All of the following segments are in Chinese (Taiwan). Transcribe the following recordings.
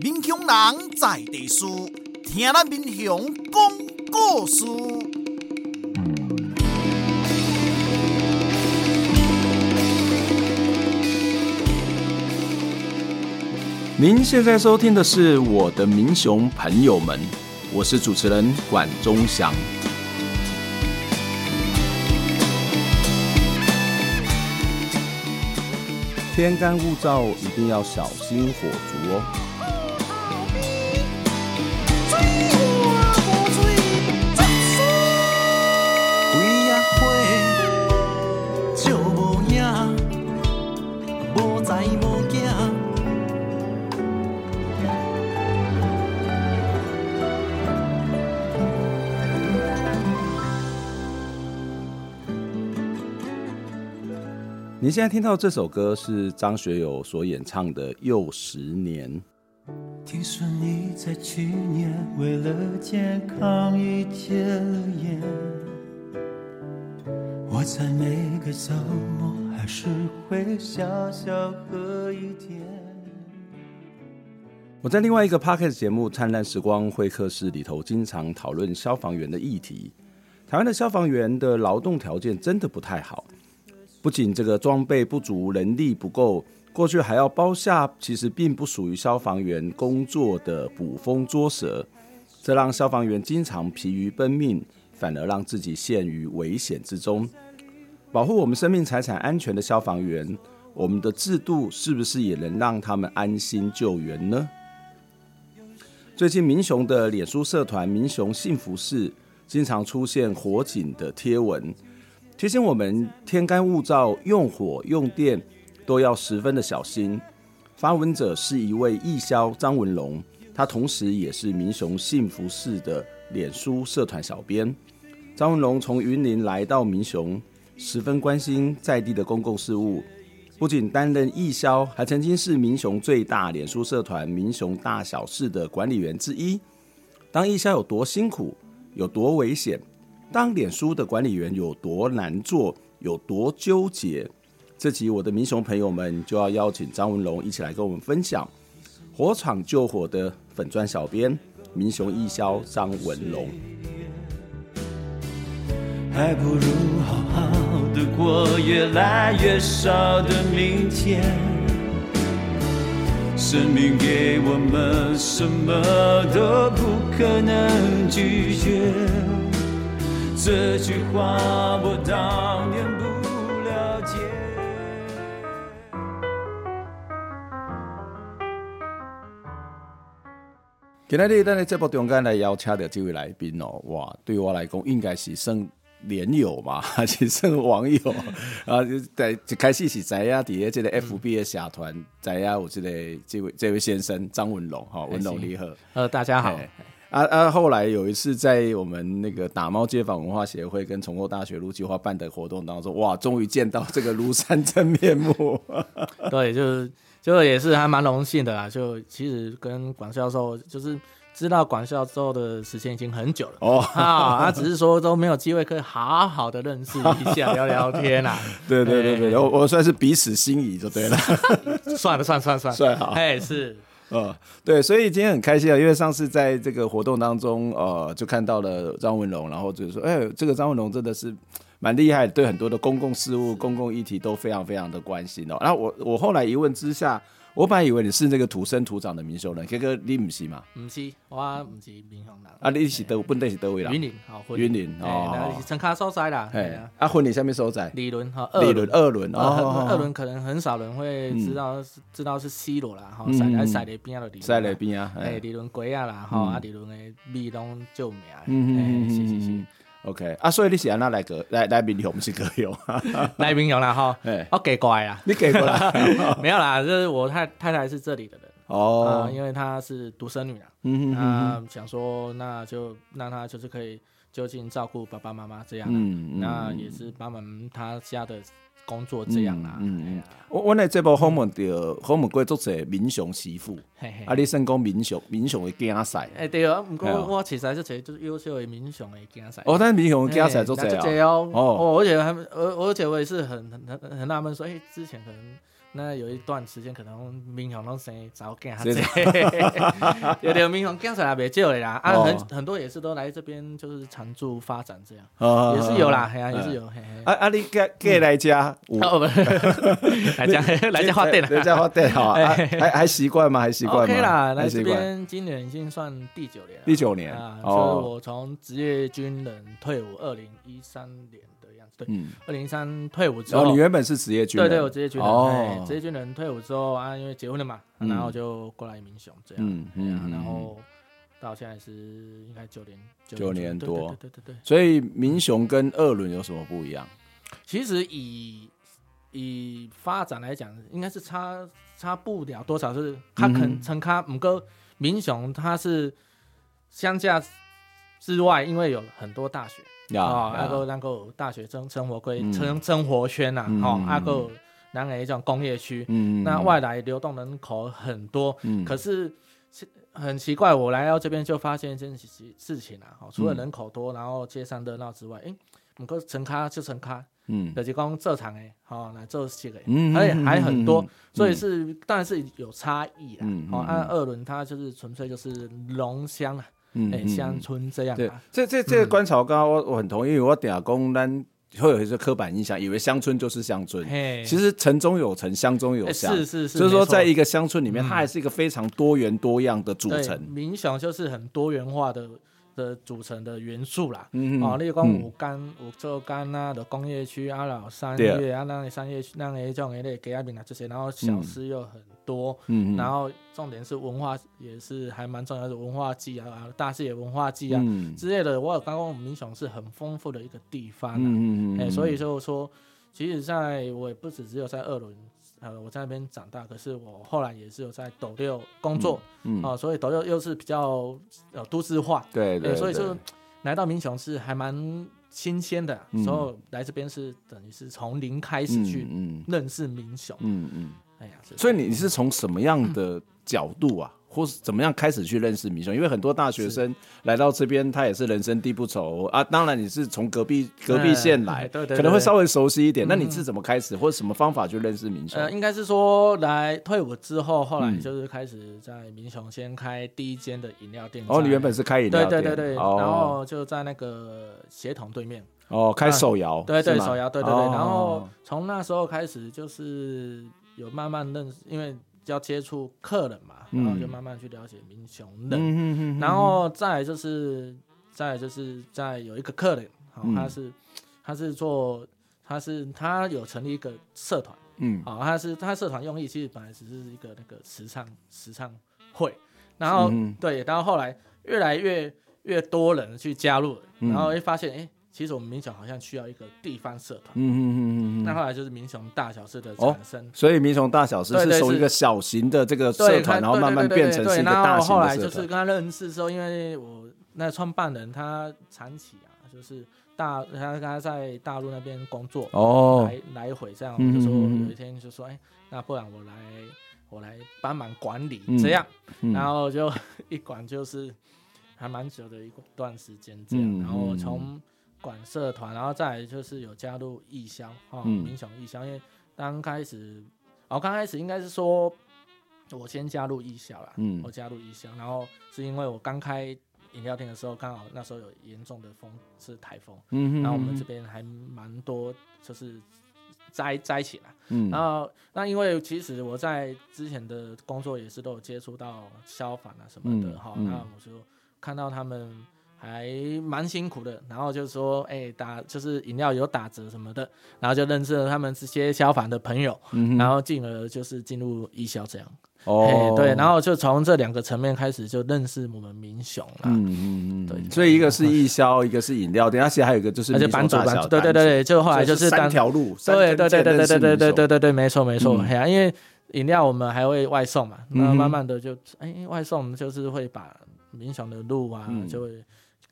民雄人在地書，聽咱民雄講故事。您現在收聽的是《我的民雄朋友們》，我是主持人管中祥。天乾物燥，一定要小心火燭哦。你現在聽到這首歌是張學友所演唱的《又十年》。聽說你在去年為了健康已戒了煙，我在每個周末還是會小小喝一點。我在另外一個 podcast 節目《燦爛時光會客室》裡頭經常討論消防員的議題。台灣的消防員的勞動條件真的不太好。不僅這個裝備不足，人力不夠，過去還要包下，其實並不屬於消防員工作的補蜂捉蛇，這讓消防員經常疲於奔命，反而讓自己陷於危險之中。保護我們生命財產安全的消防員，我們的制度是不是也能讓他們安心救援呢？最近民雄的臉書社團“民雄幸福式”經常出現火警的貼文。提醒我們天乾物燥，用火用電都要十分的小心。發文者是一位義消張文榮，他同時也是民雄幸福式的臉書社團小編。張文榮從雲林來到民雄，十分關心在地的公共事務，不僅擔任義消，還曾經是民雄最大臉書社團民雄大小事的管理員之一。當義消有多辛苦，有多危險？當臉書的管理員，有多難做，有多糾結？這集我的民雄朋友們就要邀請張文榮一起來跟我們分享火場救火的粉專小編、民雄義消張文榮。還不如好好的過越來越少的明天，生命給我們什麼都不可能拒絕。今天我們這部中間來邀請到這位來賓哦，哇，對我來講應該是算連友嘛，還是算網友 啊？就，開始是在亞底這個 FB 的社團，在亞我這位這位先生張文榮，哈、哦，文榮你好，呃，大家好。嘿嘿啊啊！後來有一次在我們那個打貓街坊文化協會跟重構大學路計畫辦的活動當中，哇，終於見到這個廬山真面目。 對，就是，就也是還蠻榮幸的啦。就其實跟管教授，就是知道管教授的時間已經很久了哦。啊，他、 啊、只是說都沒有機會可以好好的認識一下， 聊聊天啊。 對對對對，我、欸、我算是彼此心儀就對了。算了算了算了算了，哎，是。呃、嗯，對，所以今天很開心啊、哦，因為上次在這個活動當中，呃，就看到了張文榮，然後就說，哎，這個張文榮真的是蠻厲害，對很多的公共事務、公共議題都非常非常的關心哦。然後我我後來一問之下。我本來以為你是那個土生土長的民雄人，結果你不是嘛？不是，我不是民雄人。啊，你是德，本是哪、哦哦、你是地是佗位啦。雲林，雲林是成卡所在啦。哎。啊，雲林啥物所在？二崙哈。二崙，二崙。二、哦、輪、哦哦哦、可能很少人會知道，嗯、知道是西螺啦，好、哦嗯、在在那邊了，對。在那邊啊。哎，二崙改啊啦，哈、哦嗯，啊二崙的味攏著名。嗯嗯嗯。是是是。OK 啊，所以你是要那來哥來來賓用，不是哥用，來賓用了哈，我給過來啦，你給過來， 沒有啦，這、就是我太太太是這裡的人哦、oh. 呃，因為她是獨生女啦，她、mm -hmm. 啊、想說那就讓她就是可以就近照顧爸爸媽媽這樣，的。Mm -hmm. 那也是幫忙她家的。工作這樣啊，嗯嗯，啊、我我來這部訪問到，訪、嗯、問過作者民雄媳婦，啊，你先講民雄民雄的競賽，哎、欸、對啊，不過我、哦、我，我其實就是就是優秀的民雄的競賽，哦，但是民雄的競賽作者啊、欸哦，哦，哦我而且他們，而而且我也是很很很納悶說，哎、欸，之前可能。那有一段時間，可能民雄攏先找見他走，有有民雄見出來袂少咧啦，哦、啊很很多也是都來這邊就是常住發展這樣，哦，也是有啦，嘿、嗯、啊也是有，嘿嘿啊啊你個個來家、嗯，哦，不 來家 來家花店，來家花店好，還還習慣嗎？還習慣 OK 啦，來這邊今年已經算第九年了，第九年啊，就、哦、是我從職業軍人退伍，二零一三年。對，二零一三退伍之後，後你原本是職業軍人，對、對，對我職業軍人、哦對，職業軍人退伍之後啊，因為結婚了嘛、嗯，然後就過來民雄這樣，嗯這樣嗯、然後、嗯、到現在是應該九年，九年、年多，對對對、對對對。所以民雄跟雲林有什麼不一樣？嗯、其實以以發展來講，應該是差差不了多少，是，他、嗯、肯稱他，五哥，民雄他是鄉下之外，因為有很多大學。Yeah, yeah. 哦、啊，阿個阿個大學生生活區、生生活圈啊，吼、嗯，阿、啊、個南安一種工業區、嗯嗯，那外來流動人口很多，嗯、可是奇很奇怪，我來到這邊就發現一件事事情啊，哦，除了人口多，然後街上熱鬧之外，哎、嗯，門口成咖就成咖。嗯，就是講蔗糖哎，哦，來做這個、嗯，嗯，而且還很多，所以是當然、嗯、是有差異啦、嗯嗯，哦，阿、啊、二輪它就是純粹就是農鄉啦。嗯、欸，鄉村這樣。對，嗯、這這這個觀察，剛剛我剛剛我很同意。嗯、因為我底下工咱會有一些刻板印象，以為鄉村就是鄉村嘿。其實城中有城，鄉中有鄉、欸，是是是。所以、就是、說，在一個鄉村裡面、嗯，它還是一個非常多元多樣的組成。民雄就是很多元化的。的組成的元素啦，哦、嗯啊，例如講武鋼、武州鋼啊的工業區啊，啊，老商業啊里三月，里那個商業區，那個種一類企業平台這些，然後小吃又很多、嗯，然後重點是文化也是還蠻重要的，文化祭啊啊，大士爺文化祭啊、嗯、之類的，我剛剛民雄是很豐富的一個地方、啊，哎、嗯嗯嗯欸，所以就是說，其實在我也不止只，只有在二崙。呃，我在那邊長大，可是我後來也是有在斗六工作，啊、嗯嗯呃，所以斗六又是比較呃都市化，對、呃、對，所以就是、來到民雄是還蠻新鮮的，嗯、所以來這邊是等於是從零開始去認識民雄，嗯嗯，嗯，哎呀，所以你你是從什麼樣的角度啊？嗯嗯或是怎麼樣開始去認識民雄？因為很多大學生來到這邊，他也是人生地不熟啊。當然你是從隔壁隔壁縣來、嗯，對對對，可能會稍微熟悉一點。嗯、那你是怎麼開始，或者什麼方法去認識民雄？呃，應該是說，來退伍之後，後來就是開始在民雄先開第一間的飲料店、嗯。哦，你原本是開飲料店。對對對對。然後就在那個協同對面。哦，哦，開手搖。對、啊、對，手搖。對對對。哦、然後從那時候開始，就是有慢慢認識，因為。要接觸客人嘛，然後就慢慢去了解民雄人，嗯、然後再就是，再就是再有一個客人，好、哦嗯，他是他是做他是他有成立一個社團，嗯，好、哦，他是他社團用意其實本來只是一個那個慈善慈善會，然後、嗯、對，然後後來越來越越多人去加入、嗯，然後會發現，哎、欸。其實我們民雄好像需要一個地方社團，嗯嗯嗯嗯。那後來就是民雄大小事的產生，哦，所以民雄大小事是從一個小型的這個社團，然後慢慢變成是一個大型的社團。然後後來就是跟他認識的時候，因為我那創辦人他長期啊，就是大他他在大陸那邊工作哦，來來回這樣，嗯哼哼哼，就說有一天就說，欸、那不然我來我來幫忙管理這樣，嗯嗯，然後就一管就是還蠻久的一段時間這樣，嗯、哼哼然後從。管社團，然後再來就是有加入義消啊，哦嗯、民雄義消。因為剛開始，哦，剛開始應該是說我先加入義消啦。嗯，我加入義消，然後是因為我剛開飲料店的時候，剛好那時候有嚴重的風，是颱風，嗯哼，然後我們這邊還蠻多，就是災災起來，嗯，然後那因為其實我在之前的工作也是都有接觸到消防啊什麼的，哈、嗯，那、哦、我就看到他們。還蠻辛苦的，然後就是說，哎、欸，打就是飲料有打折什麼的，然後就認識了他們這些消防的朋友，嗯、然後進而就是進入義消這樣。哦、欸，對，然後就從這兩個層面開始就認識我們民雄了。嗯嗯嗯，對。所以一個是義消，一個是飲料，等下其實還有一個就是。而且版主、版主。對對對，就後來就是，單是三條路。對對對對對對對對對對，沒錯沒錯、嗯啊，因為飲料我們還會外送嘛，那、嗯、慢慢的就哎、欸、外送就是會把民雄的路啊就會。嗯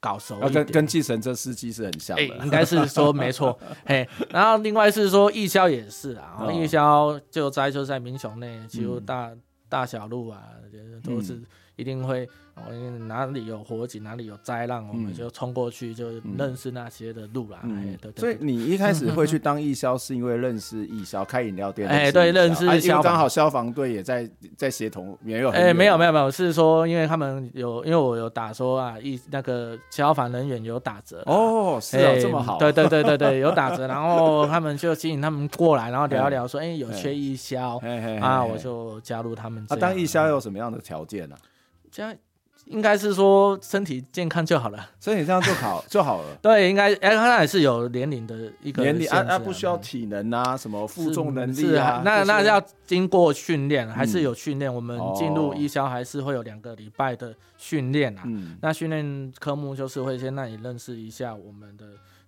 搞熟、啊，跟跟繼承這司機是很像的，欸、應該是說沒錯。 嘿，然後另外是說義消，也是啊，義、哦、消就在就在民雄內，幾乎大、嗯、大小路啊，就是，都是一定會。哦、因為哪裡有火警，哪裡有災難、嗯，我們就衝過去，就認識那些的路啦、嗯欸對對對。所以你一開始會去當義消，是因為認識義消， 開飲料店。哎、欸，對，啊、認識義消。因為剛好消防隊也在在協同，沒有，很有。哎、欸，沒有，沒有，沒有，是說因為他們有，因為我有打說啊，一那個消防人員有打折。哦，是哦、啊欸，這麼好。對對對對對，有打折，然後他們就吸引他們過來，然後聊一聊說，說、欸、哎，有缺義消、欸欸、啊、欸欸啊欸，我就加入他們。啊，當義消有什麼樣的條件呢、啊？這樣。應該是說身體健康就好了，身體這樣就好就好了。 對，應該哎、欸，他那也是有年齡的一個年齡啊，啊，啊，不需要體能啊，什麼負重能力啊？是是啊就是、那那要經過訓練，還是有訓練、嗯。我們進入義消還是會有兩個禮拜的訓練啊。哦、那訓練科目就是會先讓你認識一下我們的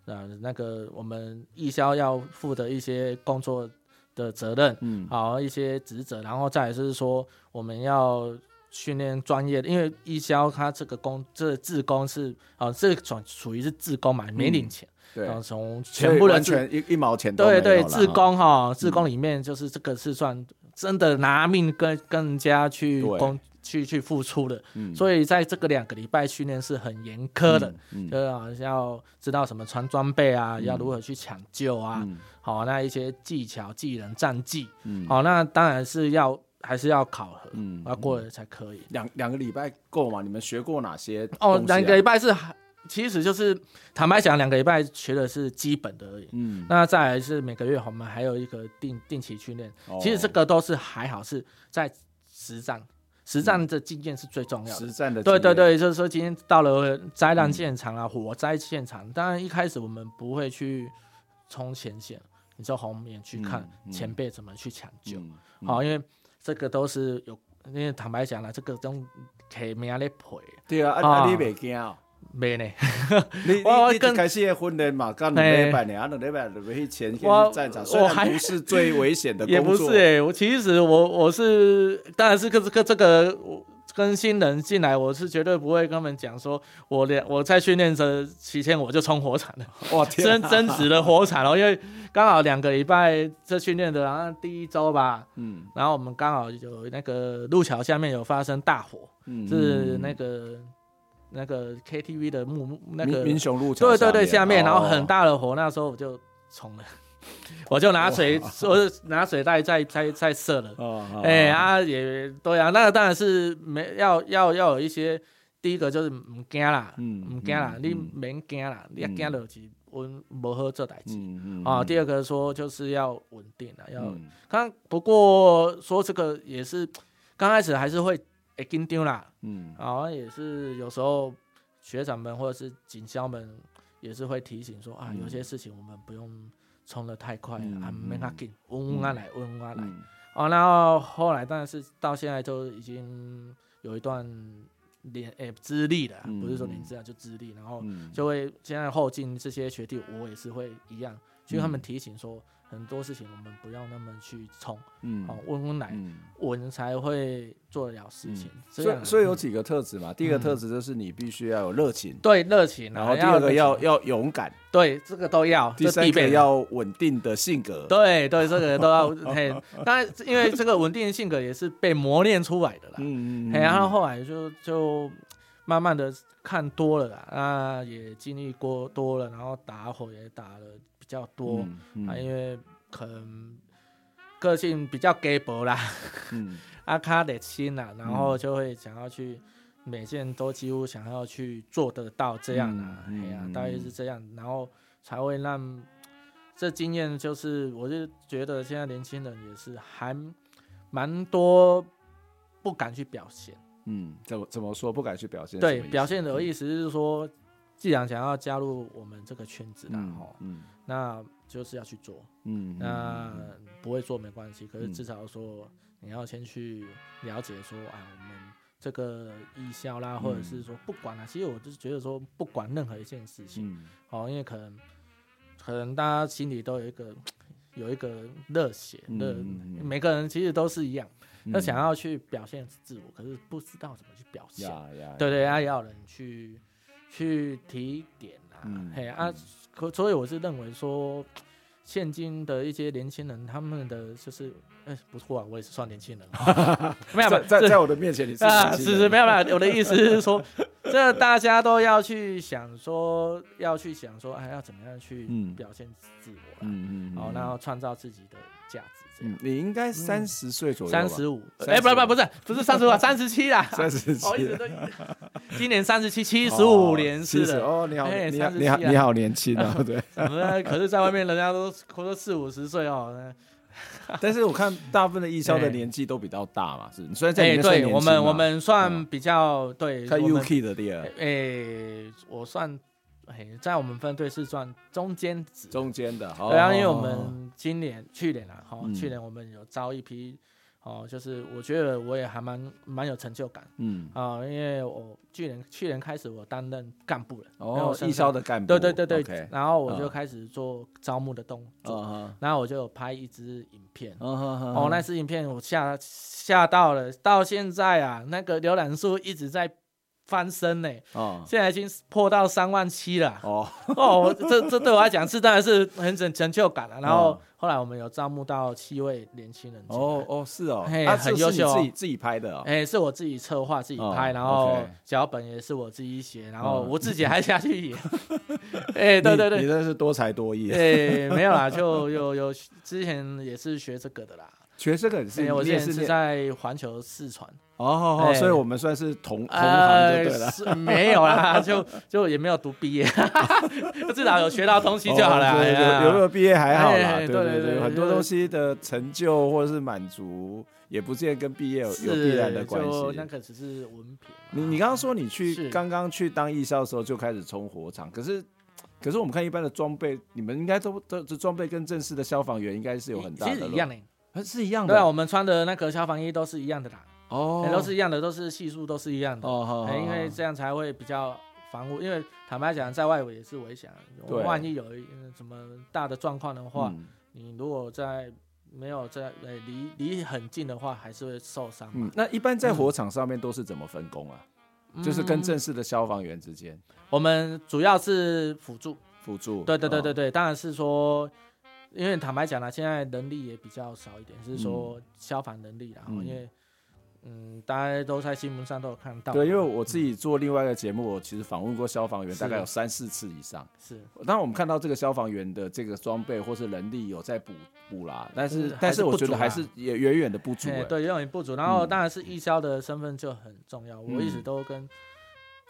呃、嗯、啊、那個我們義消要負的一些工作的責任，嗯，好一些職責，然後再來就是說我們要。訓練專業的，因為義消他這個工，這志、個、工是啊、呃，這算、個、屬於是志工嘛，沒領錢，然、嗯、後、呃、從全部人全一一毛錢都對對志工哈、哦，志、嗯、工裡面就是這個是算真的拿命跟更,、嗯、更加去工、嗯、去去付出的、嗯，所以在這個兩個禮拜訓練是很嚴苛的，嗯嗯、就是好、啊、像要知道什麼穿裝備啊，嗯、要如何去搶救啊，好、嗯哦、那一些技巧技能戰績，好、嗯哦、那當然是要。還是要考核，嗯，我要過了才可以。兩兩個禮拜夠嗎？你們學過哪些、啊？哦，兩個禮拜是，其實就是坦白講，兩個禮拜學的是基本的而已。嗯，那再來是每個月我們還有一個定定期訓練、哦。其實這個都是還好，是在實戰，實戰的經驗是最重要的。嗯、實戰的經驗，對對對，就是說今天到了災難現場啊，嗯、火災現場，當然一開始我們不會去衝前線，你就後面去看前輩怎麼去搶救好、嗯嗯嗯哦、因為。這個都是有，因為坦白講啦，這個種起名的配。對啊，啊，你沒驚啊？沒呢？ 你你剛開始的訓練嘛？剛兩禮拜呢，啊兩禮拜，去、哎啊、前線戰場，雖然不是最危險的工作，也不是哎、欸。我其實我我是，但是個這個這個我。跟新人進來，我是絕對不會跟他們講說，我兩我在訓練的期間我就衝火場了， 哇，啊、真真實的火場了，因為剛好兩個禮拜這訓練的，然後第一周吧，嗯，然後我們剛好有那個陸橋下面有發生大火，嗯，是那個那個 KTV 的木那個民雄陸橋，對對對，下面然後很大的火，那時候我就衝了。我就拿水，我說是拿水袋再再再射了。哎、哦欸哦、啊，也對啊，那個、當然是沒要要要有一些。第一個就是唔驚啦，唔、嗯、驚啦，嗯、你唔免驚啦，嗯、你一驚落去，穩、嗯，唔好做代志、嗯嗯。啊，第二個說就是要穩定啦，要剛、嗯、不過說這個也是剛開始還是會會驚丟啦。嗯，啊，也是有時候學長們或者是警校們也是會提醒說啊，有些事情我們不用。衝得太快了，還、嗯啊、沒他給，穩、嗯、穩、嗯啊、來，穩、嗯、穩、啊、來、嗯。哦，然後後來，但是到現在都已經有一段年誒資歷了嗯嗯，不是說年紀啊，就資歷，然後就會現在後進這些學弟，我也是會一樣。就他們提醒說，很多事情我們不要那麼去衝，嗯，好溫溫來，我們、嗯、才會做得了事情。嗯、所以所以有幾個特質嘛、嗯，第一個特質就是你必須要有熱情，對熱情。然後第二個要要勇，要勇敢，對這個都要。第三個要穩定的性格，對對，這個都要。 嘿，當然因為這個穩定的性格也是被磨練出來的啦。嗯嗯。然後後來就就慢慢的看多了啦，那，也經歷過多了，然後打火也打了，比較多、嗯嗯、啊，因為可能個性比較桀驁啦，阿卡得清啦、嗯，然後就會想要去每件都幾乎想要去做得到這樣啊。哎、嗯、呀、啊，大約是這樣、嗯，然後才會讓這經驗就是，我就覺得現在年輕人也是還蠻多不敢去表現。嗯，怎麼怎麼說不敢去表現？對，表現的意思是說。嗯既然想要加入我們這個圈子了哈、嗯喔嗯，那就是要去做。嗯，那不會做沒關係、嗯，可是至少說你要先去了解說，嗯、啊，我們這個義消啦、嗯，或者是說不管啦。其實我就是覺得說，不管任何一件事情，哦、嗯喔，因為可能可能大家心裡都有一個有一個熱血的、嗯嗯嗯，每個人其實都是一樣，他、嗯、想要去表現自我，可是不知道怎麼去表現。Yeah, yeah, yeah, 對，對對啊，也有人去。去提點啊，嗯、嘿啊，嗯、可所以我是認為說，現今的一些年輕人，他們的就是、欸，不錯啊，我也是算年輕人， 沒有、啊、在在，在我的面前你是、啊、是是，沒有沒有、啊，我的意思是說。 這大家都要去想說，要去想說，還、啊、要怎麼樣去表現自我啦、嗯嗯嗯喔，然後創造自己的價值這樣、嗯。你應該三十歲左右，三十五，哎、欸，不不不是不是三十五，三十七了。三十七，今年三十七，七十五年次的。哦，你好、欸、你好、啊、你，好你好年輕啊，對 啊。可是在外面，人家都都說四五十歲哦、喔。 但是我看大部分的義消的年紀都比較大嘛，欸、是所以在裡。哎、欸，對我們我們算比較、嗯、對。開 UK 的店。哎、欸，我算哎、欸，在我們分隊是算中間值的，中間的好，對啊，因為我們今年、哦、去年了哈、哦嗯，去年我們有招一批。哦，就是我覺得我也還蠻蠻有成就感。嗯啊、呃，因為我去年去年開始我擔任幹部了，哦，義消的幹部，對對對對，對。Okay. 然後我就開始做招募的動作，uh -huh. 然後我就拍一支影片，哦、uh -huh. 哦，那支影片我下下到了，到現在啊，那個瀏覽數一直在翻身呢、欸。哦、uh -huh.，現在已經破到三萬七了、啊。哦、uh -huh. 哦，這這對我來講是當然是很成成就感了、啊。Uh -huh. 然後。後來我們有招募到七位年輕人哦。哦是哦，他、啊、很優秀、哦，啊就是、自己自己拍的哦，哎、欸，是我自己策劃自己拍，哦、然後、哦 okay、腳本也是我自己寫，然後我自己還下去演，哎、哦 欸，對對對你，你這是多才多藝，哎、欸，沒有啦，就有有，有之前也是學這個的啦。學生個很、欸、我之是，在環球四川。哦，哦欸、所以，我們算是同同行，就對了。呃、沒有啦， 就就也沒有讀畢業， 就至少有學到東西就好了。留留了畢業還好啦、欸對對對，對對對，很多東西的成就或者是滿足，也不見得跟畢業有必然的關係。那個只是文憑、啊。你你剛剛說你去剛剛去當義消的時候就開始衝火場，可是可是我們看一般的裝備，你們應該都都這裝備跟正式的消防員應該是有很大的一、欸、樣是一樣的，對啊，我們穿的那個消防衣都是一樣的啦，哦、oh.，都是一樣的，都是係數都是一樣的，哦、oh, oh,，oh, oh, oh, oh. 因為這樣才會比較防護。因為坦白講，在外圍也是危險，萬一有一什麼大的狀況的話，你如果在沒有在離離很近的話，還是會受傷嘛、嗯。那一般在火場上面都是怎麼分工啊？嗯、就是跟正式的消防員之間，我們主要是輔助，輔助，對對對對對，哦、當然是說。因為坦白講呢、啊，現在人力也比較少一點，是說消防人力，然後、嗯、因為，嗯，大家都在新聞上都有看到。對，因為我自己做另外一個節目、嗯，我其實訪問過消防員大概有三四次以上。是，當然我們看到這個消防員的這個裝備或是人力有在補補啦，但是、是、是、啊、但是我覺得還是也遠遠的不足、欸嗯。對，遠遠不足。然後當然是義消的身份就很重要、嗯，我一直都跟。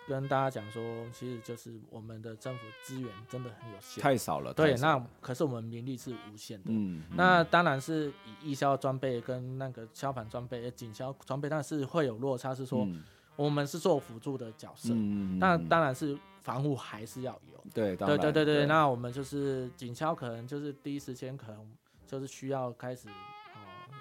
跟大家講說，其實就是我們的政府資源真的很有限，太少了。對，那可是我們民力是無限的。嗯嗯、那當然是以義消裝備跟那個消防裝備、呃、警消裝備，但是會有落差，是說、嗯、我們是做輔助的角色。那、嗯、當然是防護還是要有。嗯、對，對對對對。那我們就是警消，可能就是第一時間，可能就是需要開始。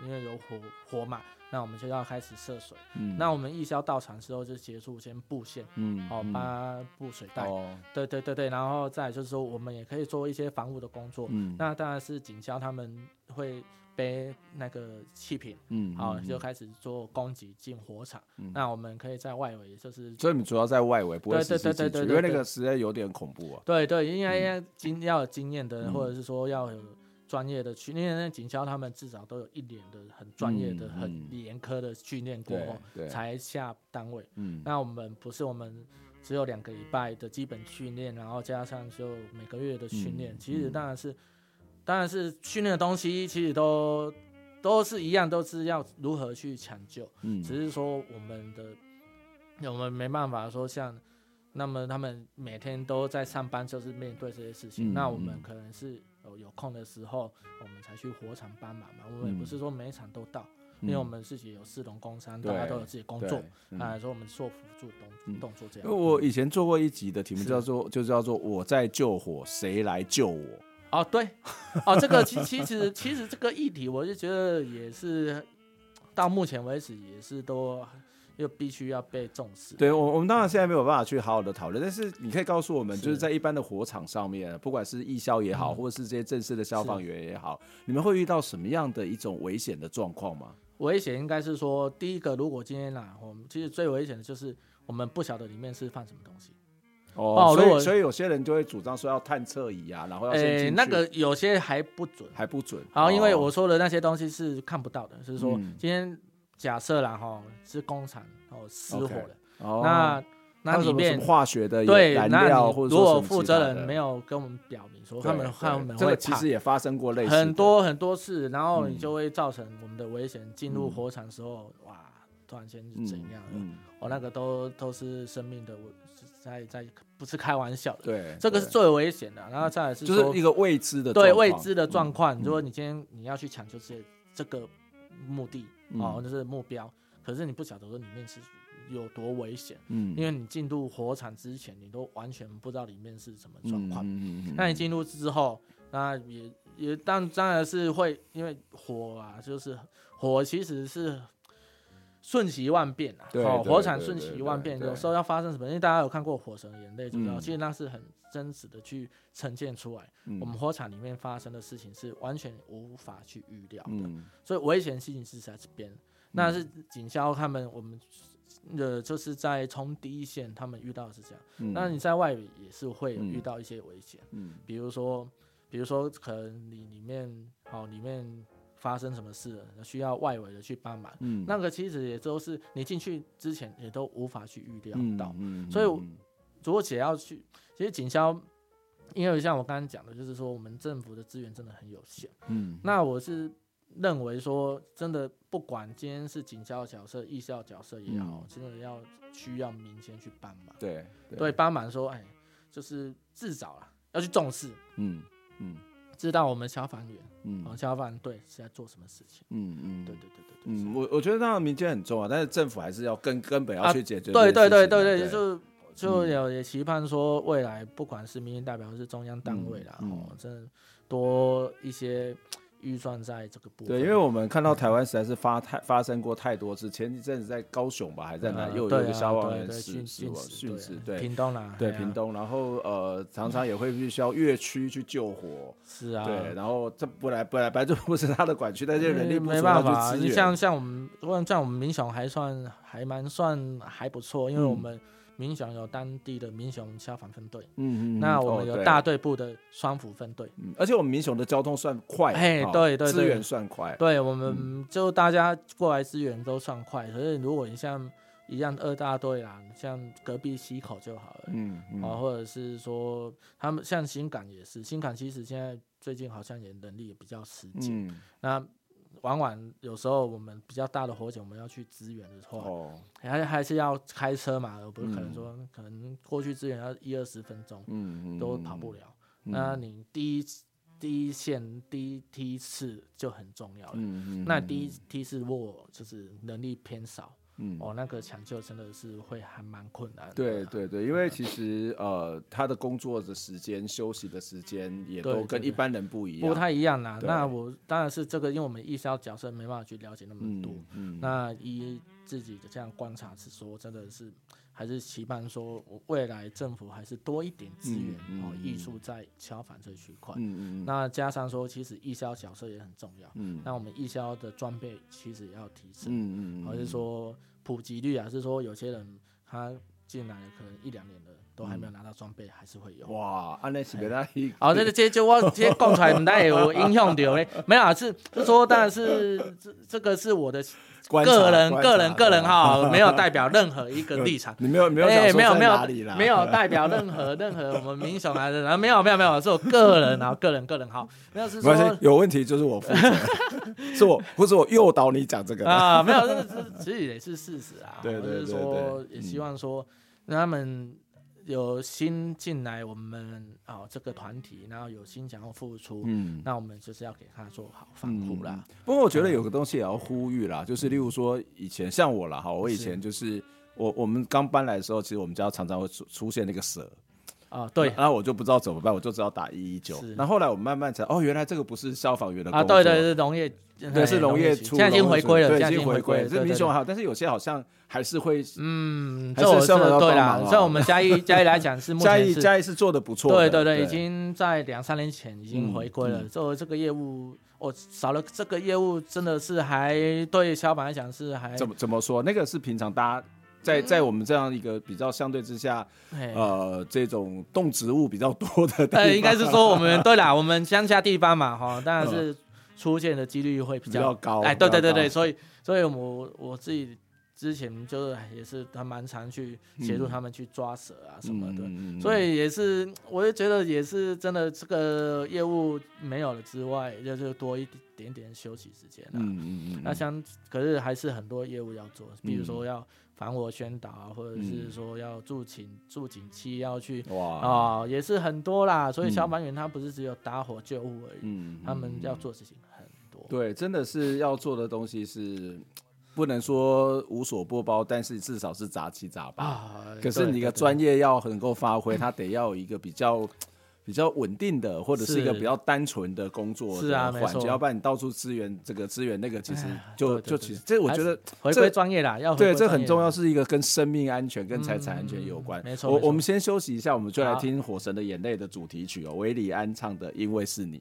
因為有火火嘛，那我們就要開始射水。嗯，那我們義消到場之後就結束，先布線。嗯，好、嗯，把、哦、布水帶、哦。對對對對，然後再就是說，我們也可以做一些防護的工作。嗯，那當然是警消他們會背那個氣瓶。嗯，好、哦，就開始做攻擊進火場、嗯嗯嗯。那我們可以在外圍，就是所以你主要在外圍。不會去對，對，對對對對對，因為那個實在有點恐怖啊。對對，對，應該要，要經、嗯、要有經驗的，或者是說要有。嗯專業的訓練，那警校他們至少都有一年的很專業的、嗯嗯、很嚴苛的訓練過後，才下單位。嗯、那我們不是，我們只有兩個禮拜的基本訓練，然後加上就每個月的訓練、嗯嗯。其實當然是，當然是訓練的東西，其實都都是一樣，都是要如何去搶救、嗯。只是說我們的我們沒辦法說像那麼他們每天都在上班，就是面對這些事情。嗯、那我們可能是。有有空的時候，我們才去火場幫忙嘛。我們也不是說每一場都到，嗯、因為我們自己有四龍工商，大家都有自己工作啊，所以我們做輔助動動作這樣、嗯。因為我以前做過一集的題目，叫做是就叫做我在救火，誰來救我？哦，對，哦，這個其其實 其實這個議題，我就覺得也是到目前為止也是都。又必須要被重視。對我，我們當然現在沒有辦法去好好的討論，但是你可以告訴我們，就是在一般的火場上面，不管是義消也好、嗯，或者是這些正式的消防員也好，你們會遇到什麼樣的一種危險的狀況嗎？危險應該是說，第一個，如果今天吶、啊，我們其實最危險的就是我們不曉得裡面是放什麼東西。哦，哦，所以所以有些人就會主張說要探測儀啊，然後要先進去。呃、欸，那個有些還不準，還不準。好、哦，因為我說的那些東西是看不到的，嗯，就是說今天。假設啦，齁，是工廠哦失火了。哦、okay. oh,，那那裡面是是化學的燃料對，那如果負責人沒有跟我們表明說他們他們會，這個、其實也發生過類似很多很多次，然後你就會造成我們的危險。進入火場的時候、嗯、哇，突然間是怎樣的？嗯，哦、嗯喔，那個都都是生命的，我是在在不是開玩笑的。對，這個是最危險的，然後再來是就是一個未知的對未知的狀況。如、嗯、果、就是、你今天你要去搶救這這個。目的哦、嗯，就是目標。可是你不曉得說裡面是有多危險、嗯，因為你進入火場之前，你都完全不知道裡面是什麼狀況、嗯。那你進入之後，那也也，當當然是會，因為火啊，就是火其實是瞬息萬變啊。對，對。火場瞬息萬變，有時候要發生什麼，因為大家有看過《火神的眼淚》，就知道、嗯，其實那是很。真實的去呈現出來、嗯，我們火場裡面發生的事情是完全無法去預料的、嗯，所以危險性是在這邊、嗯，那是警消，他們，我們的就是在從第一線，他們遇到的是這樣、嗯。那你在外圍也是會有遇到一些危險、嗯，比如說，比如說可能你裡面好、哦、裡面發生什麼事了，需要外圍的去幫忙、嗯，那個其實也都是你進去之前也都無法去預料到、嗯嗯，所以。而且要去，其實警消，因為像我剛剛講的，就是說我們政府的資源真的很有限。嗯，那我是認為說，真的不管今天是警消角色、義消角色也好、嗯，真的要需要民間去幫忙。對，對，幫忙說，哎，就是至少了要去重視。嗯嗯，知道我們消防員、嗯、啊、消防隊是在做什麼事情。嗯嗯，對對對對對。我我覺得當然民間很重要，但是政府還是要根根本要去解決、啊。對對對對對，對就是。就有也期盼說，未來不管是民意代表還是中央單位啦，哦、嗯喔，真的多一些預算在這個部分。對，因為我們看到台灣實在是發太、嗯、發生過太多次，前一陣子在高雄吧，還在那，又有一個消防員死，殉、啊、死、啊啊，對，屏東啦，對屏東、啊，然後呃，常常也會需要越區去救火，是啊，對，然後這不來不來，本來就不是他的管區，但是人力不、嗯、沒辦法，你像像我們，像我們民雄還算還蠻算還不錯，因為我們。嗯民雄有當地的民雄消防分隊，嗯嗯，那我們有大隊部的雙福分隊、嗯，而且我們民雄的交通算快，嘿，對對對，資源算快，對，我們就大家過來資源都算快、嗯，可是如果你像一樣二大隊啦，像隔壁溪口就好了，嗯嗯，啊，或者是說他們像新港也是，新港其實現在最近好像人力也比較吃緊、嗯，那。往往有時候我們比較大的火警，我們要去支援的時候，還還是要開車嘛，而不是可能說，可能過去支援要一二十分鐘，嗯，都跑不了。Mm -hmm. 那你第一第一線第一梯次就很重要了。Mm -hmm. 那第一梯次如果就是能力偏少。嗯，哦，那個搶救真的是會還蠻困難的、啊。對對對，因為其實、嗯、呃，他的工作的時間、休息的時間也都跟一般人不一樣，對對對，不太一樣啦。那我當然是這個，因為我們醫生的角色沒辦法去了解那麼多。嗯，嗯，那以自己的這樣觀察是說，真的是。還是期盼說，未來政府還是多一點資源哦，藝、嗯、術、嗯嗯、在消防這區塊、嗯嗯嗯。那加上說，其實義消角色也很重要。嗯、那我們義消的裝備其實也要提升，還、嗯嗯嗯就是說普及率啊，是說有些人他進來可能一兩年的。都還沒有拿到裝備、嗯，還是會有哇！啊，那是別大意。好、哦，這個這就我直接供出來不，唔，但有我影響掉咧。沒有，是是說，但是這這個是我的個人個人個人號、喔，沒有代表任何一個立場。你沒有沒有、欸、沒有？哎，沒有沒有沒有代表任何任何我們民英雄的。然後沒有沒有沒有，是我個人然後個人 後個人號、喔，沒有是說有問題就是我負責， 是我不是我誘導你講這個啊？沒有，這但這其實也是事實啊。對，對，對，對，對，就是說也希望說讓他們。有心進來我們啊、哦、這個團體，然後有心想要付出，嗯，那我們就是要給他做好防護啦、嗯。不過我覺得有個東西也要呼籲啦、嗯，就是例如說以前像我啦，哈，我以前就是我是我們剛搬來的時候，其實我們家常常會出出現那個蛇。啊、哦，對，然後我就不知道怎麼辦，我就知道打一一九。那後,後來我們慢慢才哦，原來這個不是消防員的工作啊，對對對，農業，對,對是農業,出農業出。現在已經回歸了，對已經回歸,了經回歸了。這民雄還好，但是有些好像還是會，嗯，還是說的對啦。忙。像我們嘉義，嘉 義來講是，嘉義嘉義是做的不錯,的得不錯的，對對對,對，已經在兩三年前已經回歸了。嗯、做了這個業務，嗯、哦，少了這個業務真的是還對消防員來講是還怎麼怎麼說？那個是平常大家。在在我們這樣一個比較相對之下，呃，這種動植物比較多的，呃、欸，應該是說我們 對啦，我們鄉下地方嘛，哈，當然是出現的幾率會比較、嗯、比較高。哎、欸，對對對對，所以，所以我我自己之前就是也是還蠻常去協助他們去抓蛇啊什麼的、嗯嗯，所以也是，我就覺得也是真的，這個業務沒有了之外，就是多一點點休息時間、啊、嗯嗯、嗯。那像可是還是很多業務要做，比如說要。防火宣導，或者是說要駐情，駐警期要去啊、呃，也是很多啦。所以消防員他不是只有打火救護而已，嗯，他們要做事情很多。嗯、對，真的是要做的東西是 不能說無所不包，但是至少是雜七雜八。啊、哎、可是你的專業要能夠發揮，他得要有一個比較。嗯比較穩定的，或者是一個比較單純的工作，是啊，節。要不然你到處支援這個支援那個，其實就、哎、對對對，就其實這我覺得這、回歸專業啦，要回歸專業啦對，這很重要，是一個跟生命安全、跟財產安全有關。嗯、沒錯，我我們先休息一下，我們就來聽《火神的眼淚》的主題曲哦、喔，韋禮安唱的《因為是你》。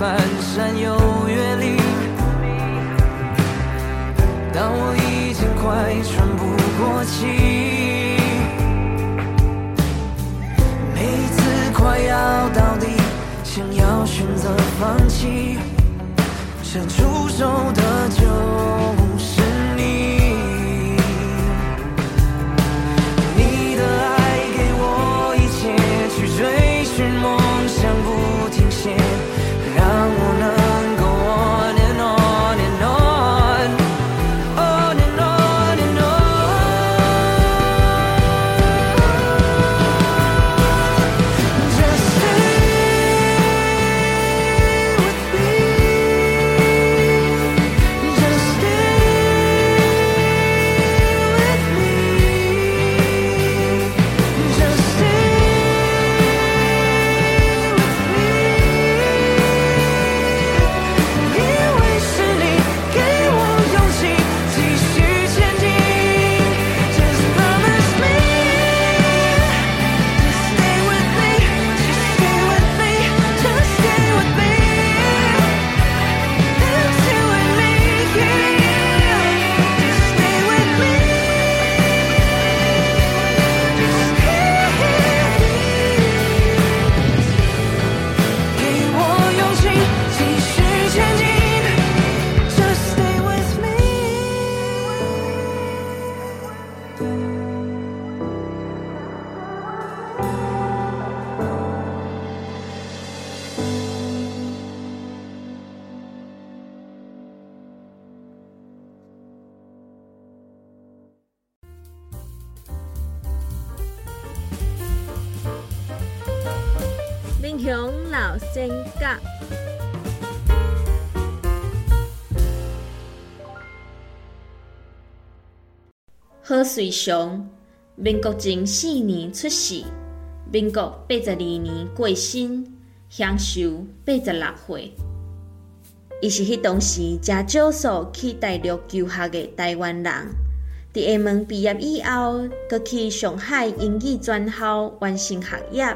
翻山又越嶺，當我已經快喘不過氣，每一次快要到底，想要選擇放棄，伸出手的就。楊老生家，何水雄，民國前四年出世，民國八十二年過身，享壽八十六歲。伊是迄當時誠少數去大陸求學的台灣人。佇廈門畢業以後，擱去上海英語專校完成學業。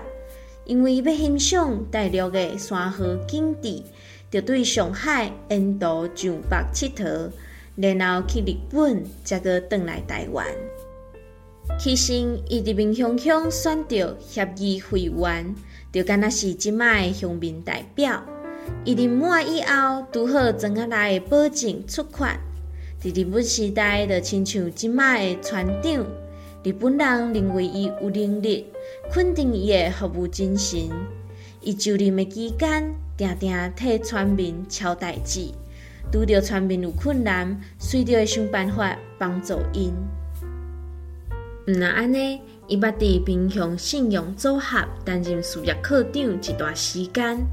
因為要欣賞大陸的山河景致，就對上海、印度、上海、七頭，然後去日本，再閣轉來台灣。其實，伊佇民雄鄉選擇協議會員，就敢那是即賣鄉民代表。伊入滿以後，拄好從阿來保正出款，佇日本時代就親像即賣嘅村長。日本人認為伊有能力，肯定伊誒服務精神。伊就任誒期間，定定替村民抄代志，拄着村民有困難，隨着會想辦法幫助因。毋若安尼，伊捌佇民雄信用組合擔任事業科長一段時間，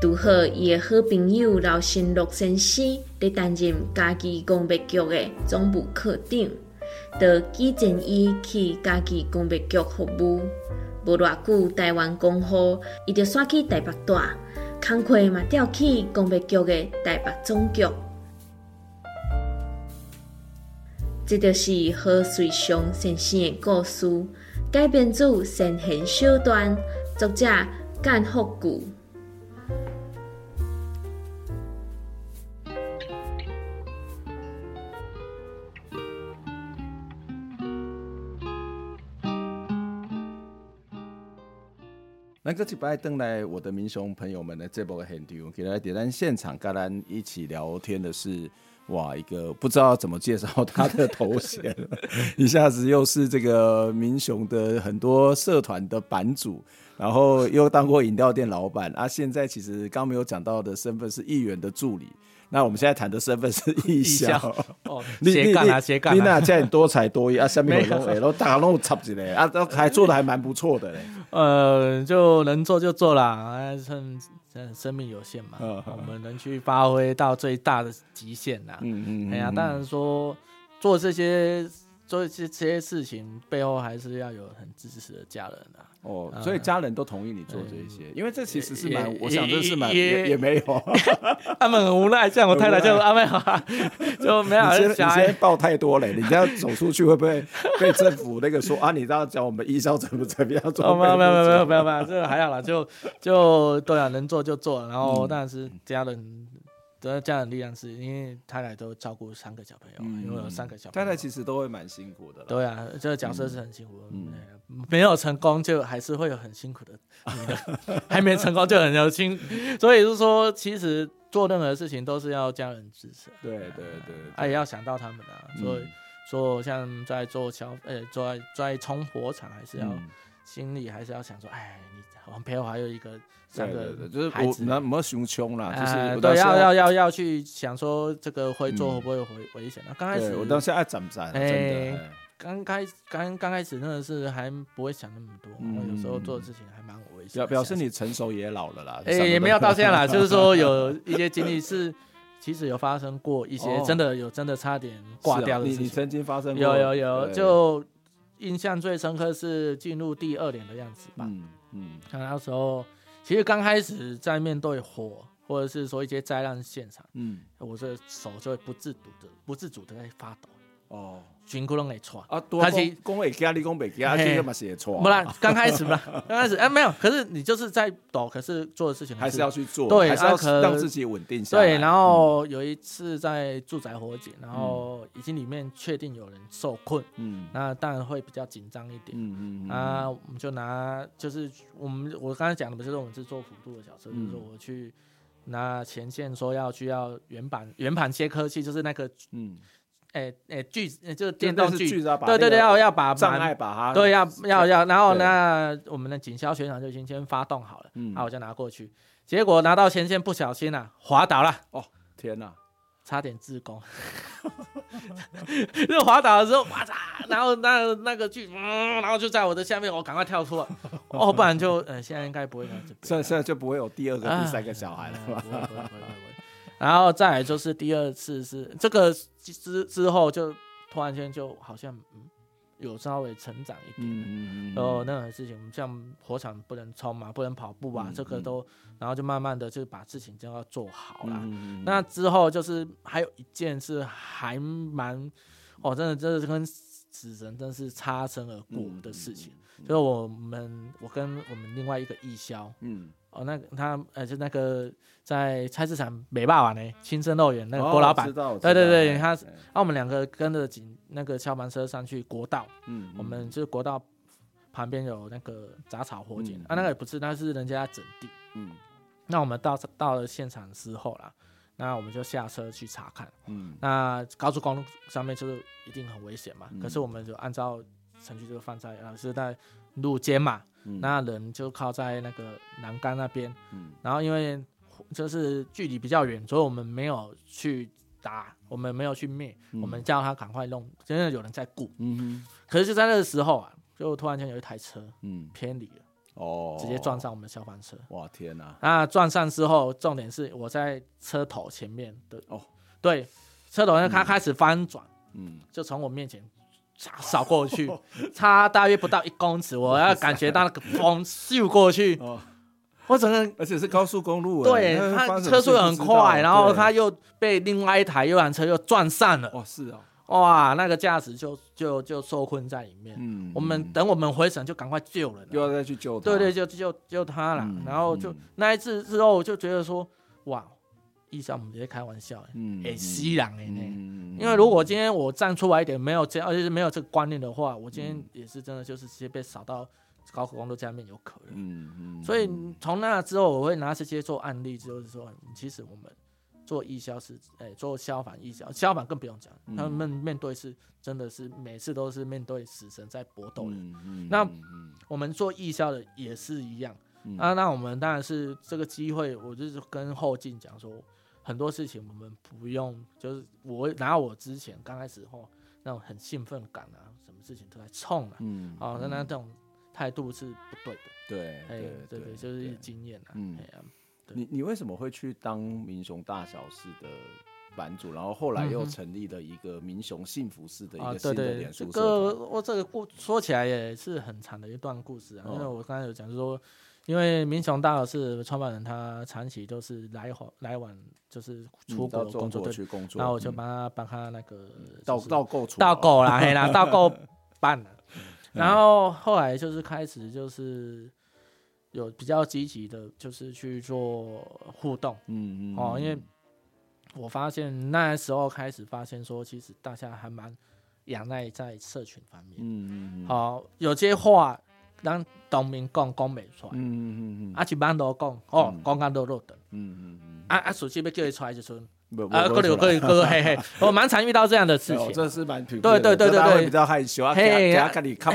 拄好伊誒好朋友劉新陸先生，咧擔任嘉義工業局誒總務科長。到基進伊去家己公辦局服務，無偌久台灣光復伊就徙去台北大，工課嘛調去公辦局的台北總局。 這著是賀歲雄先生的故事，改編自《神仙小段》，作者干福古。各位拜登來，我的民雄朋友們的這部很甜，在我給大家點讚。現場跟咱一起聊天的是，哇，一個不知道怎麼介紹他的頭銜， 一下子又是這個民雄的很多社團的版主，然後又當過飲料店老闆，啊，現在其實剛沒有講到的身份是議員的助理。那我們現在談的身份是義消，義消， 哦，你你你，你那這樣多才多藝啊，生命有限，然後打弄插子嘞，啊， 都還做得還不錯的還蠻不錯的嘞。 呃，就能做就做啦，啊，趁趁生命有限嘛，哦、呵呵我們能去發揮到最大的極限吶。嗯嗯，嗯嗯，哎呀，當然說做這些做這些這些事情，背後還是要有很支持的家人啊。哦、oh, 嗯，所以家人都同意你做這一些，嗯、因為這其實是蠻，我想這是蠻，也也，也，也沒有，他 們 很無奈，像我太太就安排好，就沒有， 你先小孩你先抱太多了，你這樣走出去會不會被政府那個說 啊？你這樣教我們醫生怎麼怎麼樣做？哦、沒有沒有沒有沒有沒有，這個還好了，就就對啊， 能做就做，然後但是家人，主、嗯、要家人力量是因為太太都照顧三個小朋友、嗯，因為有三個小朋友，太太其實都會蠻辛苦的，對啊，這個角色是很辛苦的。嗯沒有成功就還是會有很辛苦的。沒 還沒成功就很有心， 所以就是說，其實做任何事情都是要家人支持，對對對，而、啊啊、要想到他們啊。所、嗯、以，說像在做消，呃、欸，做做在在衝火場，還是要心裡、嗯、還是要想說，哎，你我旁邊還有一個三個、啊，就是我那不要想窮了，就、啊、是對，要要要要去想說這個會做會不會危險啊？剛、嗯、開始是我當時愛漲漲，真的。欸欸剛開剛剛開始，開始真的是還不會想那麼多。嗯、有時候做的事情，還蠻危險。表、嗯、表示你成熟也老了啦。哎、欸，也沒有到現在啦， 就是說有一些經歷是，其實有發生過一些真的有真的差點掛掉的事情。哦哦、你你曾經發生過？有有有。就印象最深刻是進入第二年的樣子吧。嗯嗯，看那時候其實剛開始在面對火或者是說一些災難現場，嗯，我的手就會不自主的不自主的在發抖。哦，全部攏會錯，他、啊啊、是攻北加里，公北加里，阿基又嘛寫錯。不然剛開始嘛，剛 開始哎、啊、沒有，可是你就是在抖，可是做的事情還是，還是要去做。對、啊，還是要讓自己穩定下來。對，然後有一次在住宅火警，然後已經裡面確定有人受困，嗯，那當然會比較緊張一點，嗯嗯啊，那我們就拿，就是我們我剛才講的，不就是我們是做輔助的小車、嗯，就是我去拿前線說要需要圓盤圓盤切割器，就是那個嗯。哎、欸、哎，鋸、欸、子，就是電動鋸子鋸子，對對對，要要把障礙把它，對，要要要，然後呢，對對對我們的警消學長就已經先發動好了，然後、啊、我就拿過去，結果拿到前線不小心啊滑倒了，哦天吶、啊，差點自宮。 就滑倒的時候，哇嚓，然後那那個鋸子，嗯，然後就在我的下面，我趕快跳出來， 哦，不然就嗯、呃、現在應該不會來這邊、啊，所以現在就不會有第二個、啊、第三個小孩了不不、啊啊、不會會會。不會不會然後再來就是第二次，是這個之之後就突然間就好像有稍微成長一點嗯嗯嗯，然後那個事情，我們像火場不能衝嘛、啊，不能跑步啊嗯嗯，這個都，然後就慢慢的就把事情就要做好了、嗯嗯嗯嗯。那之後就是還有一件事還蠻哦，真的真的是跟死神真的是擦身而過的事情，嗯嗯嗯嗯，就是我們我跟我們另外一個義消，嗯。哦，那他呃、欸，就那個在菜市場沒辦法呢，親身肉圓那個郭老板、哦，對對對，他，那、嗯啊、我們兩個跟着警那個消防車上去國道嗯，嗯，我們就國道旁邊有那個雜草火警，嗯嗯，啊，那個也不是，那個、是人家在整地，嗯，那我們到到了現場之後啦，那我們就下車去查看，嗯，那高速公路上面就是一定很危險嘛、嗯，可是我們就按照程序這個放在呃是在，嗯那路肩嘛、嗯，那人就靠在那個欄杆那邊、嗯，然後因為就是距離比較遠，所以我們沒有去打，我們沒有去滅、嗯，我們叫他趕快弄，真的有人在顧，嗯哼。可是就在那個時候啊，就突然間有一台車，嗯，偏離了、哦，直接撞上我們消防車。哇天吶、啊！那撞上之後，重點是我在車頭前面的哦，對，車頭它開始翻轉、嗯，就從我面前。掃過去，差大約不到一公尺，我要感覺到那個風咻過去、 哦。我整個人，而且是高速公路，對，他車速很快，然後他又被另外一台遊覽車又撞散了。哦，是哦，哇，那個駕駛就就就受困在裡面。嗯，我們、嗯、等我們回程就趕快救了，又要再去救他。對，對對，就就救他了、嗯。然後就、嗯、那一次之後，我就覺得說，哇。義消，我們直接開玩笑，哎、嗯，稀爛的呢。因為如果今天我站出來一點，沒有這，而且是沒有這個觀念的話，我今天也是真的就是直接被掃到高口工作下面有可能。嗯嗯。所以從那之後，我會拿這些做案例，就是說，其實我們做義消是，哎、欸，做消防義消，消防更不用講，他們面對是真的是每次都是面對死神在搏鬥的、嗯嗯嗯。那我們做義消的也是一樣、嗯。啊，那我們當然是這個機會，我就是跟後進講說。很多事情我們不用，就是我拿我之前剛開始後那種很興奮感啊，什麼事情都來衝啊，嗯，啊，那那種態度是不對的，對，欸、對，對對，就是經驗啊。嗯，欸啊、你你為什麼會去當民雄大小事的版主，然後後來又成立了一個民雄幸福式的一個新的臉書社團？嗯啊、對，對對，這個我這個故說起來也是很長的一段故事啊，哦、因為我剛才有講說。因為民雄大老師創辦人，他長期都是來回來往，就是出國的工作，對、嗯。然後我就幫他幫他那個倒、就、購、是嗯嗯、出倒購了，嘿啦倒購辦。然後後來就是開始就是有比較積極的，就是去做互動。嗯嗯。哦、喔嗯，因為我發現那時候開始發現說，其實大家還蠻仰賴在社群方面。嗯嗯嗯。好、嗯喔，有些話。咱當面講講袂出來，嗯嗯嗯，啊，一般都講哦，講甲弱弱的。嗯嗯啊啊，手機欲叫伊出來時陣，啊，可、啊、能、啊、可以，可以哈哈哈哈嘿嘿，我蠻常遇到這樣的事情，對對對對對，比較害羞啊，家家看你靠啊，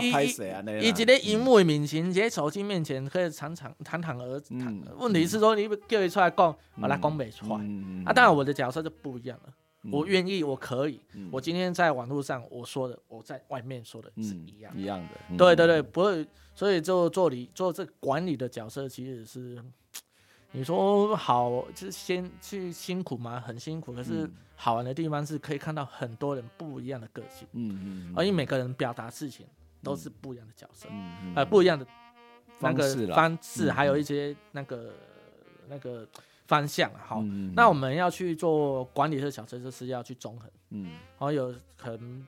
拍誰啊，那，以及咧熒幕面前即、嗯、手機面前可以常常侃侃而談，問題是說你叫他出來講，我來講袂出來，啊，當然我的角色就不一樣了。我願意、嗯，我可以、嗯。我今天在網絡上我說的，我在外面說的是一樣一樣的、嗯。對對對，不會。所以就做你做這管理的角色，其實是你說好，就是先去辛苦嘛，很辛苦。可是好玩的地方是，可以看到很多人不一樣的個性。嗯嗯、嗯。而且每個人表達事情都是不一樣的角色、嗯嗯嗯，呃，不一樣的那個方式，方式嗯、還有一些那個、嗯、那個。方向好，嗯，那我們要去做管理的小編是要去中和，嗯，好，有可能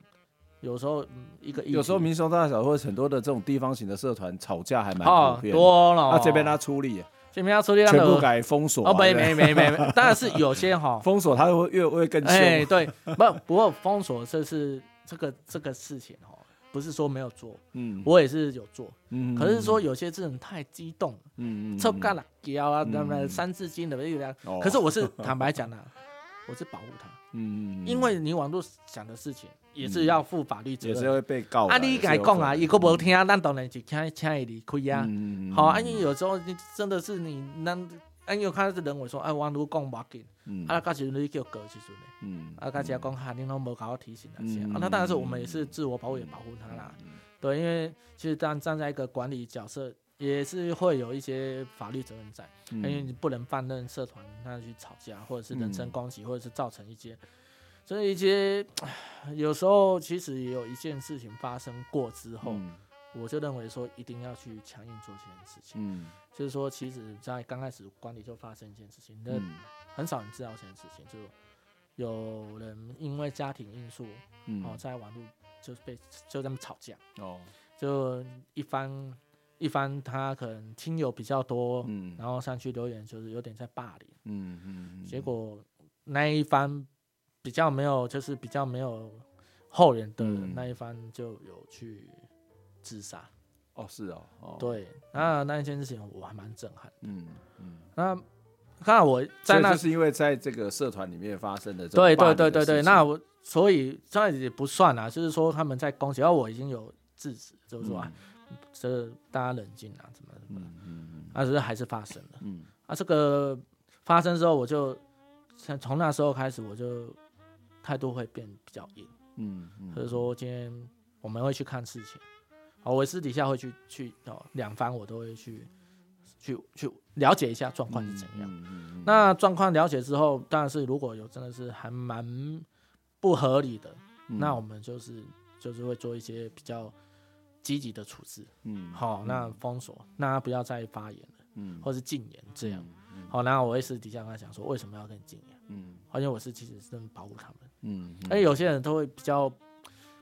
有時候、嗯、一個意思，有時候民雄大小或者很多的這種地方型的社團吵架還蠻哦多了，那、啊、這邊他出力，這邊他出力，全部他、啊。不改封鎖、啊、哦，沒沒沒沒，當然是有些哈 封鎖它會越會越更哎、啊欸、對，不不過封鎖這是這個這個事情哈。不是說沒有做，嗯、我也是有做，嗯、可是說有些這種太激動了嗯嗯，抽、嗯、幹了腰啊，那麼、嗯《三字經》的力量，可是我是、哦、坦白講的、啊， 我是保護他，嗯，因為你網絡想的事情也是要負法律責任，也是會被告，阿、啊、你敢講啊？一個不聽，咱、嗯、當然就聽聽伊的可以啊，好、嗯，阿你有時候真的是你那。哎，有看到這人會說，哎，王如講蠻緊，啊，其實你叫過其實呢，啊，其實講喊你攏無搞要提醒那些，啊，那、啊啊嗯嗯啊、當然是我們也是自我保護也保護他啦、嗯嗯嗯，對，因為其實當站在一個管理角色，也是會有一些法律責任在、嗯，因為你不能放任社團那樣去吵架、嗯，或者是人身攻擊、嗯，或者是造成一些，所以一些有時候其實也有一件事情發生過之後。嗯我就認為說一定要去強硬做這件事情，嗯，就是說，其實，在剛開始管理就發生一件事情，那很少人知道這件事情，嗯，就有人因為家庭因素，嗯，哦，在網絡就是被就這麼吵架，哦，就一方一方他可能親友比較多，嗯，然後上去留言就是有點在霸凌，嗯嗯嗯，結果那一方比較沒有，就是比較沒有後人的那一方就有去。自殺哦，是哦，哦，對，那那一件事情我還蠻震撼的。嗯嗯，那剛好我在那是因為在這個社團裡面發生的。對對對對對，那我所以這也不算啊，就是說他們在攻擊，而、哦、我已經有制止，就是說這、啊嗯、大家冷靜啊，怎麼怎麼的，嗯嗯，嗯，啊，就是還是發生了。嗯，啊，這個發生之後，我就從從那時候開始，我就態度會變比較硬。嗯嗯，所以說今天我們會去看事情，我私底下會去去兩方、喔，我都會去去去了解一下狀況是怎樣。嗯嗯嗯、那狀況了解之後，當然是如果有真的是還蠻不合理的、嗯，那我們就是就是會做一些比較積極的處置。嗯，好、嗯喔，那封鎖，那他不要再發言了，嗯，或是禁言這樣。好、嗯，然後、嗯嗯喔、我會私底下跟他講說，為什麼要跟你禁言？嗯，而且我是其實是保護他們嗯。嗯，而且有些人都會比較。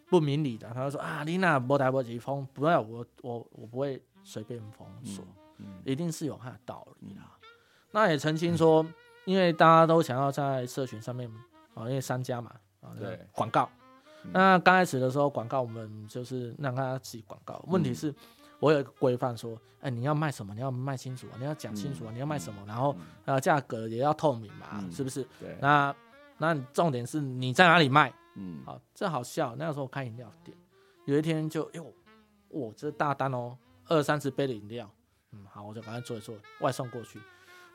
不明理的，他就說啊，麗娜不，台不及封，不要我我我不會隨便封，說、嗯嗯、一定是有他的道理的、啊嗯。那也澄清說、嗯，因為大家都想要在社群上面啊、哦，因為商家嘛啊、哦，對廣告。嗯、那剛開始的時候，廣告我們就是讓大家自己廣告。問題是，嗯、我有一個規範說，哎、欸，你要賣什麼？你要賣清楚啊，你要講清楚啊、嗯，你要賣什麼？然後、嗯、啊，價格也要透明嘛，嗯、是不是？那那重點是你在哪裡賣？嗯，好，這好笑。那個時候我開飲料店，有一天就，哎呦，我這大單哦，二三十杯的飲料。嗯，好，我就把它做一做，外送過去。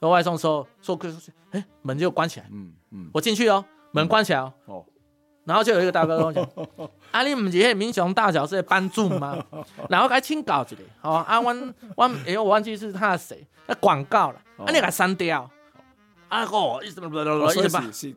那外送時候，送客出去，哎，門就關起來。嗯嗯，我進去哦，門關起來哦、嗯、哦。然後就有一個大哥跟我講， 啊，你唔是迄民雄大小事的班主嗎？ 然後該佮請教一下、哦啊哦啊，好，啊，我我哎，我忘記是他誰，那廣告啦，阿你給他刪掉哦，阿我、哦，是是是。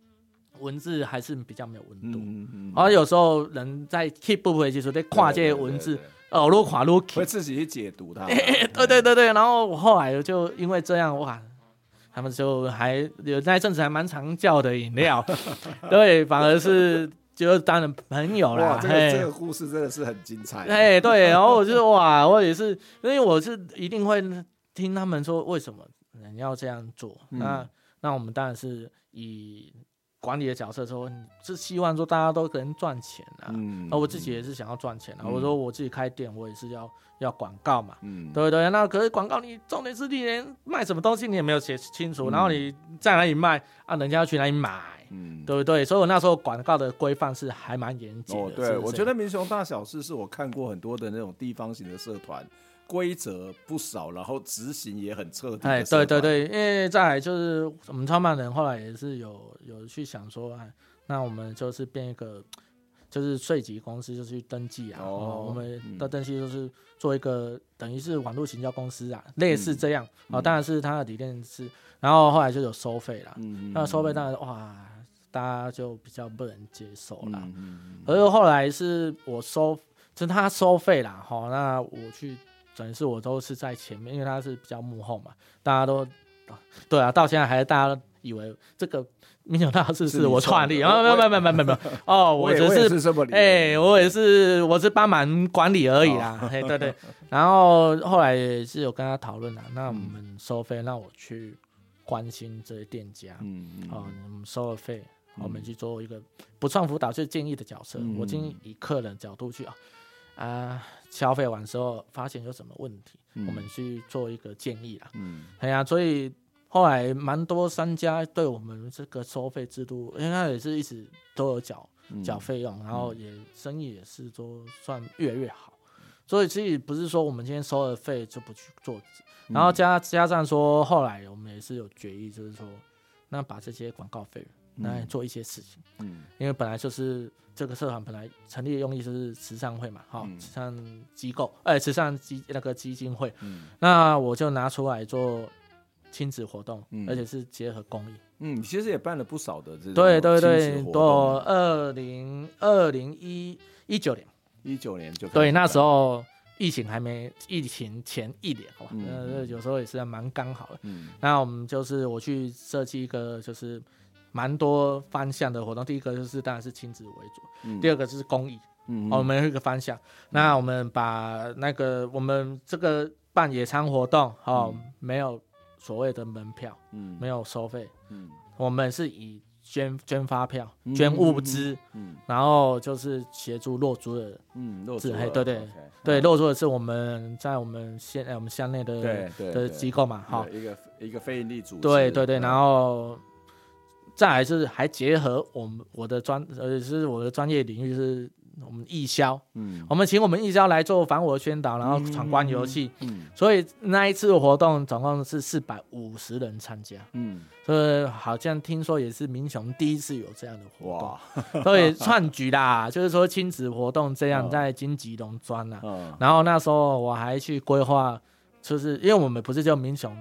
文字還是比較沒有溫度、嗯嗯，然後有時候人在 keep 不回去的時候在跨界文字，哦，如果跨 look 會自己去解讀的、欸欸，對對對對。然後我後來就因為這樣，哇，他們就還有那一陣子還蠻常叫的飲料， 對，反而是就是當了朋友了。哇，這個這個故事真的是很精彩，哎、欸，對。然後我就哇，我也是，因為我是一定會聽他們說為什麼人要這樣做。嗯、那那我們當然是以，管理的角色說，是希望說大家都可能賺錢啊，那、嗯、我自己也是想要賺錢啊、嗯。我說我自己開店，我也是要要廣告嘛，嗯、對不對，對？那可是廣告你，你重點是你連賣什麼東西，你也沒有寫清楚、嗯，然後你在哪裡賣啊，人家要去哪裡買，嗯、對不對，對？所以我那時候廣告的規範是還蠻嚴謹的。哦、對是是，我覺得民雄大小事是我看過很多的那種地方型的社團。規則不少，然後執行也很徹底。哎，對對對，因為再來就是我們創辦人後來也是有有去想說，哎、啊，那我們就是變一個，就是稅籍公司，就去登記啊。哦、我們的登記就是做一個、嗯、等於是網絡行銷公司啊，類似這樣。啊、嗯喔，當然是它的理念是，然後後來就有收費了、嗯。那收費當然哇，大家就比較不能接受啦。嗯嗯而後來是我收，就是他收費了哈，那我去。整一我都是在前面，因為他是比較幕後嘛，大家都，啊對啊，到現在還是大家都以為這個沒想到是是我創立，啊沒有沒有沒有沒有有，哦，我也、哦、我只是麼哎，我也是、欸、我，也是我是幫忙管理而已啦、啊哦，嘿，對對， 然後後來也是有跟他討論啊。那我們收費、嗯，那我去關心這些店家，嗯我、哦、們收了費，嗯、我們去做一個不創輔導是建議的角色，嗯、我今天以客人角度去啊啊。消費完之後發現有什麼問題、嗯，我們去做一個建議啦。嗯，對呀、啊，所以後來蠻多商家對我們這個收費制度，應該也是一直都有繳繳費用、嗯，然後也生意也是都算越來越好。所以其實不是說我們今天收了費就不去做，然後加加上說後來我們也是有決議，就是說那把這些廣告費拿來做一些事情。嗯，因為本來就是。這個社團本來成立的用意就是慈善會嘛，哈，慈善機構，哎、呃，慈善基那個基金會、嗯，那我就拿出來做親子活動、嗯，而且是結合公益。嗯，其實也辦了不少的這種活動。對對對，到二零二零一二零一九年，一九年就對，那時候疫情還沒，疫情前一年好好，好、嗯、吧，那有時候也是蠻剛好的。嗯，那我們就是我去設計一個就是。蠻多方向的活動，第一個就是當然是親子為主，嗯，第二個就是公益，嗯，我們有一個方向，嗯。那我們把那個我們這個辦野餐活動，哦，嗯，沒有所謂的門票，嗯，沒有收費，嗯，我們是以捐捐發票、捐物資，嗯，然後就是協助落竹的嗯，洛竹對對對，okay，對洛竹爾是我們在我們縣呃，欸、我們鄉內的對對，對的機構嘛，哈，一個一個非營利組織，對對對，然後。再來就是還結合我們我的專呃、就是我的專業領域、就是我們義消，嗯，我們請我們義消來做防火宣導，然後闖關遊戲、嗯，嗯，所以那一次活動總共是四百五十人參加，嗯，所以好像聽說也是民雄第一次有這樣的活動， 所以創舉啦， 就是說親子活動這樣在金桔農莊啊、嗯嗯，然後那時候我還去規劃，就是因為我們不是叫民雄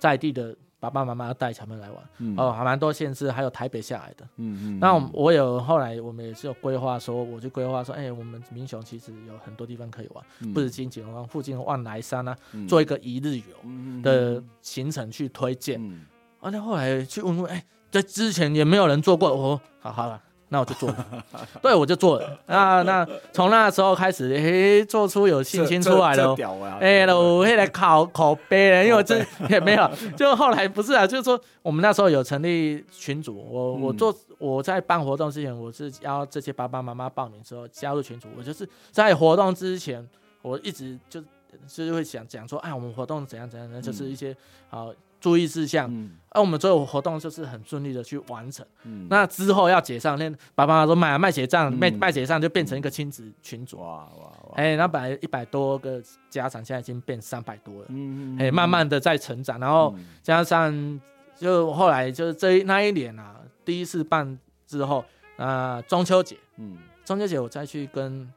在地的。爸爸媽媽帶小朋友來玩，嗯，哦，還蠻多限制，還有台北下來的。嗯嗯。那我，我有後來，我們也是有規劃，說我就規劃說，哎，欸，我們民雄其實有很多地方可以玩，嗯，不止金井，灣附近萬來山啊，嗯，做一個一日遊的行程去推薦。嗯嗯。嗯，然後，後來去問問，哎，欸，在之前也沒有人做過，哦，好好了。那我就做了 對，對我就做了。 那那從那時候開始，誒、欸，做出有信心出來了。誒，我後、啊欸、來考口碑，因為我真 也沒有。就後來不是啊，就是說我們那時候有成立群組，我、嗯、我做我在辦活動之前，我是要這些爸爸媽媽報名之後加入群組。我就是在活動之前，我一直就就是會想講說，哎、啊，我們活動怎樣怎樣，那就是一些、嗯、好。注意事項，而、嗯啊、我們所有活動就是很順利的去完成。嗯，那之後要結賬，那爸爸媽媽說買了賣結賬、嗯，賣賣結賬就變成一個親子群組啊，哎、嗯，那、欸、本來一百多個家長現在已經變三百多了，哎、嗯嗯欸，慢慢的在成長，然後加上就後來就是這一那一年啊，第一次辦之後，那、呃、中秋節，嗯，中秋節我再去跟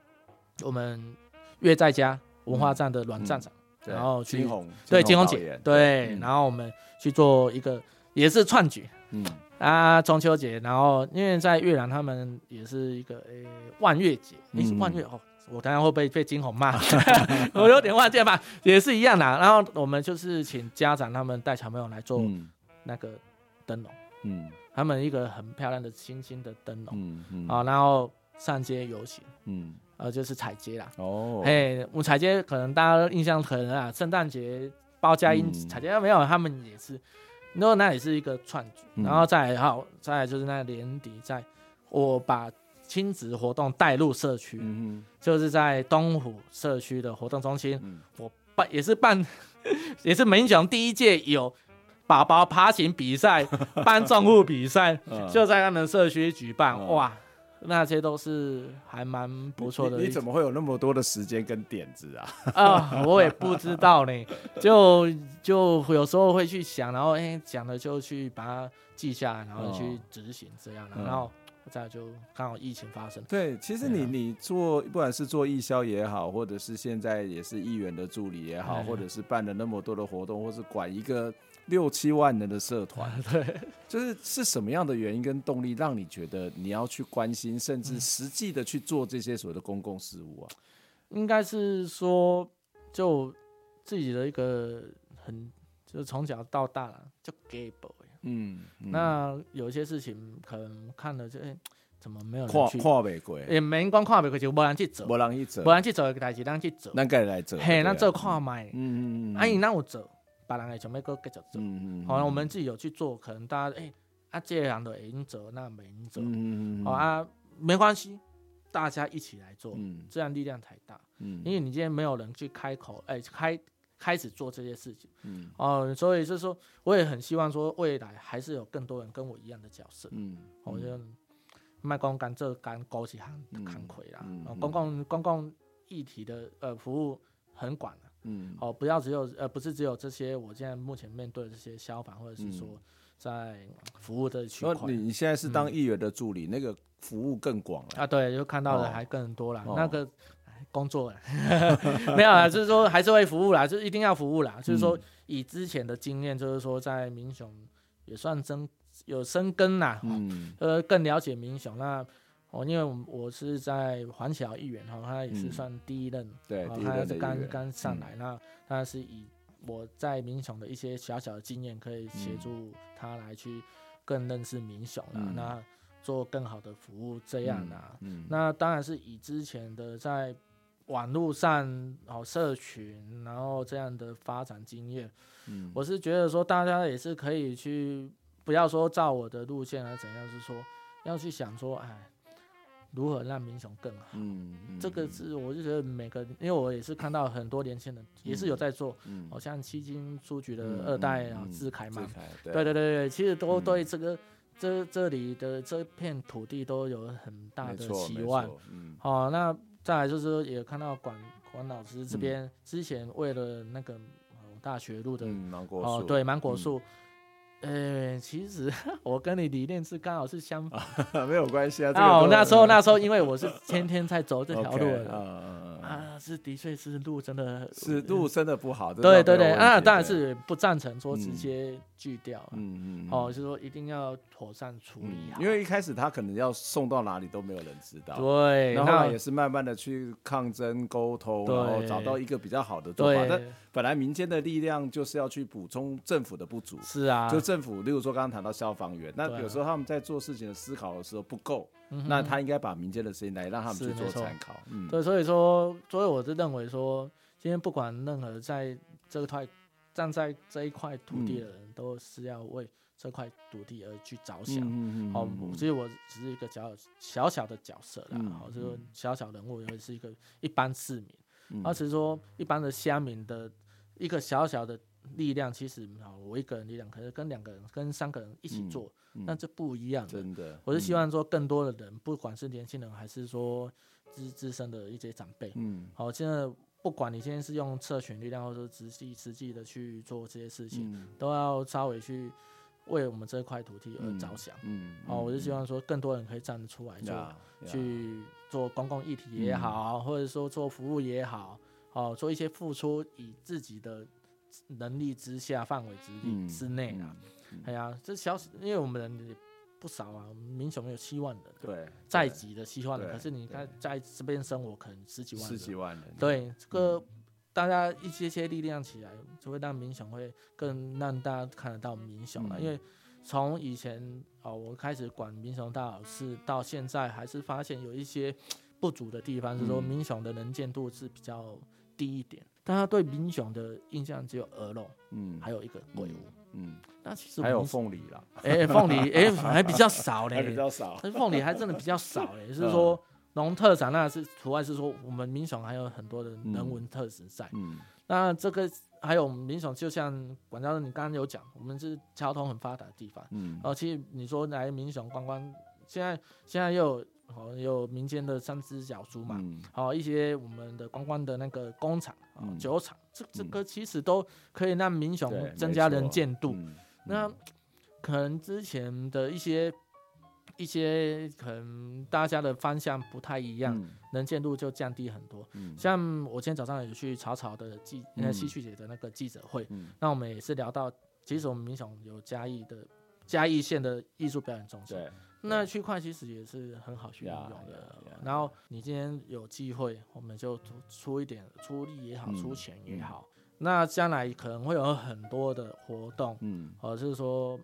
我們月在家文化站的阮站長。嗯嗯然後去金紅，對，金紅姐，對，對、嗯，然後我們去做一個也是創舉，嗯啊中秋節，然後因為在越南他們也是一個誒、欸、萬月節，你、嗯欸、是萬月哦，我剛剛會被被金紅罵， 我有點忘記吧，也是一樣的。然後我們就是請家長他們帶小朋友來做那個燈籠，嗯，他們一個很漂亮的星星的燈籠，嗯嗯，好、啊，然後上街遊行，嗯。呃，就是踩街啦。哦。嘿，我踩街可能大家印象可能啊，聖誕節包佳音、嗯、踩街、啊、沒有，他們也是，那那也是一個串、嗯。然後再來、啊，再來就是那年底在，在我把親子活動帶入社區、嗯，就是在東湖社區的活動中心，嗯、我辦也是辦，也是民雄第一屆有寶寶爬行比賽、搬 重物比賽， 就在他們社區舉辦，嗯、哇。那些都是還蠻不錯的不你。你怎麼會有那麼多的時間跟點子啊？ 啊，我也不知道呢。就就有時候會去想，然後哎講、欸、了就去把它記下來，然後去執行這樣，然後再、嗯、就剛好疫情發生。對，其實你、啊、你做不管是做義消也好，或者是現在也是議員的助理也好，或者是辦了那麼多的活動，或是管一個。六七萬人的社團，對，就是是什麼樣的原因跟動力，讓你覺得你要去關心，甚至實際的去做這些所謂的公共事務啊？應該是說，就自己的一個很，就是從小到大了，就雞婆嗯，嗯。那有些事情可能看了就，欸、怎麼沒有人去跨跨北過，也、欸、沒人光跨北過，就沒人去走，沒人去走，沒人去走個代志，人去走，哪個來走？嘿，那做跨賣，嗯嗯嗯，阿、啊、姨，那我走。把人也前面擱跟着走，好、嗯嗯喔，我們自己有去做，可能大家哎、欸，啊，這樣的得應走，那沒應走，好、嗯嗯喔、啊，沒關係，大家一起來做、嗯，這樣力量才大。嗯，因為你今天沒有人去開口，哎、欸，開開始做這些事情，嗯，哦、喔，所以就是說，我也很希望說，未來還是有更多人跟我一樣的角色。嗯，我覺得賣公干這干枸杞行的扛魁啦，嗯，嗯喔、公共公共議題的呃服務很廣、啊。嗯，哦，不要只有，呃，不是只有這些，我現在目前面對的這些消防，或者是說在服務的群。你、嗯、你現在是當議員的助理，嗯、那個服務更廣了啊？對，就看到的還更多了、哦，那個、哦、工作了 沒有了，就是說還是會服務啦，就一定要服務啦，嗯、就是說以之前的經驗，就是說在民雄也算真有生根啦、嗯，呃，更了解民雄那。哦，因為我我是在黃巧議員哈，他也是算第一任，嗯、他是剛剛上來、嗯，那他是以我在民雄的一些小小的經驗，可以協助他來去更認識民雄啊、嗯，那做更好的服務這樣啊，嗯嗯、那當然是以之前的在網絡上哦社群，然後這樣的發展經驗、嗯，我是覺得說大家也是可以去，不要說照我的路線啊怎樣，是說要去想說，哎。如何讓民雄更好，嗯？嗯，這個是我就覺得每個，因為我也是看到很多年輕人、嗯、也是有在做，好、嗯哦、像七金書局的二代啊、嗯嗯，志凱嘛，凱對對對對，其實都對這個、嗯、這這裡的這片土地都有很大的期望。好、嗯哦，那再來就是也看到管管老師這邊、嗯、之前為了那個、哦、大學路的哦，芒果、嗯、樹，對芒果樹。哦呃，其實我跟你理念是剛好是相反，啊，沒有關係啊。哦，啊這個，那時候那時候，因為我是天天在走這條路的 ，okay。嗯是的確，是路真的是路真的不好。嗯、對對對，那、啊、當然是不贊成說直接鋸掉、啊。嗯嗯。哦，就是說一定要妥善處理、嗯，因為一開始他可能要送到哪裡都沒有人知道。對，然後、欸、也是慢慢的去抗爭、溝通，然後找到一個比較好的做法。那本來民間的力量就是要去補充政府的不足。是啊，就政府，例如說剛剛談到消防員，那有時候他們在做事情的思考的時候不夠、啊，那他應該把民間的聲音來讓他們去做參考、嗯。對，所以說所以我是認為說，今天不管任何在這塊，站在這一塊土地的人、嗯，都是要為這塊土地而去着想嗯嗯嗯嗯。哦，所以我只是一個小小小的角色啦。然這個小小人物，也是一個一般市民，而，嗯、是、啊、說一般的鄉民的一個小小的。力量，其實啊，我一個人力量，可是跟兩個人、跟三個人一起做，那、嗯、這、嗯、不一樣。真的，我是希望說更多的人，嗯、不管是年輕人還是說自資身的一些長輩，嗯，好，現在不管你現在是用社群力量，或者說直系實際的去做這些事情、嗯，都要稍微去為我們這塊土地而着想嗯嗯。嗯，好，我是希望說更多人可以站得出來，就、yeah, 去做公共議題也好，也好，或者說做服務也好，哦，做一些付出，以自己的。能力之下、範圍之內之內啊，哎、嗯、呀，這、啊、小因為我們人也不少啊，民雄有七萬人，對，對在籍的七萬人，可是你看在這邊生活可能十幾萬，十幾萬人，對，這個、嗯、大家一些些力量起來，就會讓民雄會更讓大家看得到民雄了、嗯。因為從以前哦，我開始管民雄大小事到現在，還是發現有一些不足的地方，嗯，就是說民雄的能見度是比較低一點。但他對民雄的印象只有鵝肉，嗯，還有一個鬼屋、嗯。嗯，那其實還有鳳梨啦、欸，哎，鳳梨，哎、欸，還比較少咧，還比較少、欸，鳳梨還真的比較少，哎、欸嗯，是說農特產那是除外，是說我們民雄還有很多的人文特產在，嗯，那這個還有我們民雄，就像管教授你剛剛有講，我們是交通很發達的地方，嗯，哦、呃，其實你說來民雄觀光，光，現在現在又。好、哦、有民間的三只小豬嘛，好、嗯、哦、一些我們的觀光的那個工廠啊、哦嗯、酒廠，這、嗯、這個其實都可以讓民雄增加能見度。哦、那、嗯嗯、可能之前的一些一些可能大家的方向不太一樣，能、嗯、見度就降低很多、嗯。像我今天早上有去草草的記那戲曲節的那個記者會、嗯，那我們也是聊到，其實我們民雄有嘉義的嘉義縣的藝術表演中心。Yeah. 那區塊鏈其實也是很好去運用的，yeah, yeah, yeah, yeah. 然後你今天有機會，我們就出一點出力也好、嗯，出錢也好，嗯、那將來可能會有很多的活動，嗯，或、哦、者、就是說，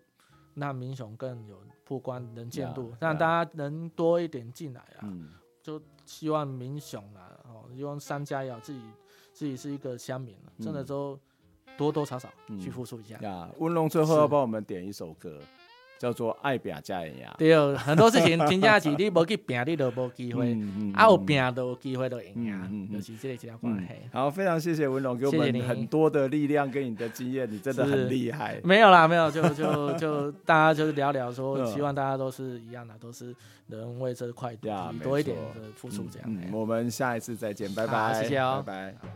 讓民雄更有曝光能見度，讓、yeah, yeah. 大家能多一點進來啊、嗯，就希望民雄啊，哦，希望商家也好，自己自己是一個鄉民、啊嗯，真的都多多少少去付出一下。呀、嗯，文、yeah, 榮最後要幫我們點一首歌。叫做愛表加人呀，對哦，很多事情，天下事你不去表，你都無機會、嗯嗯嗯，啊有表都機會都贏呀，尤其是這類關係。好，非常謝謝文龍給我們很多的力量跟你的經驗，你真的很厲害。沒有啦，沒有，就就就, 就大家就聊聊說， 希望大家都是一樣的，都是能為這塊多,、嗯嗯、多一點的付出這樣、嗯嗯。我們下一次再見，拜拜，謝謝哦、喔，拜拜。